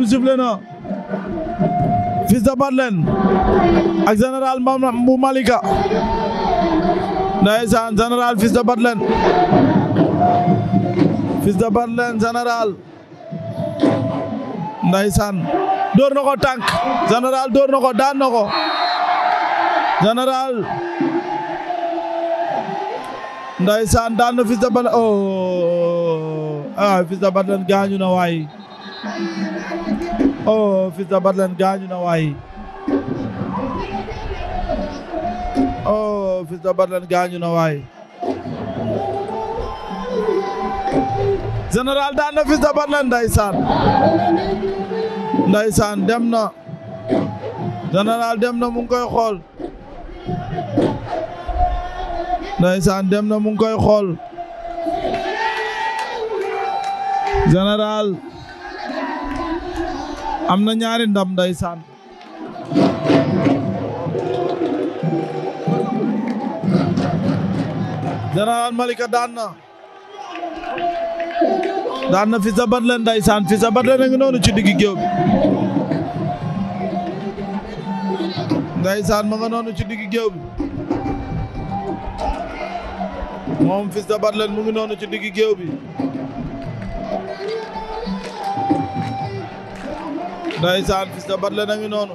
bi sifflé na Fils de Batlen ak général bu Malika ndeysaan général Fils de Batlen Fils de Batlen général ndeysaan door na ko tànk général door na ko daan na ko général oh, ah, waay oh Fils de Batlen gaañu na waay oh Fils de Batlen gaañu na waay général daan na Fils de Batlen ndeysaan ndeysaan dem na général dem na mu ngi koy xool ndeysaan dem na mu ngi koy xool général am na ñaari ndam ndeysaan Général Malika daan na daan na Fils de Batley ndeysaan Fils de Batley ngi noonu ci diggi géew bi ndeysaan ma nga noonu ci diggi géew bi moom Fils de Batley mu ngi noonu ci diggi géew bi ndeysaan Fils de Batlé nangi noonu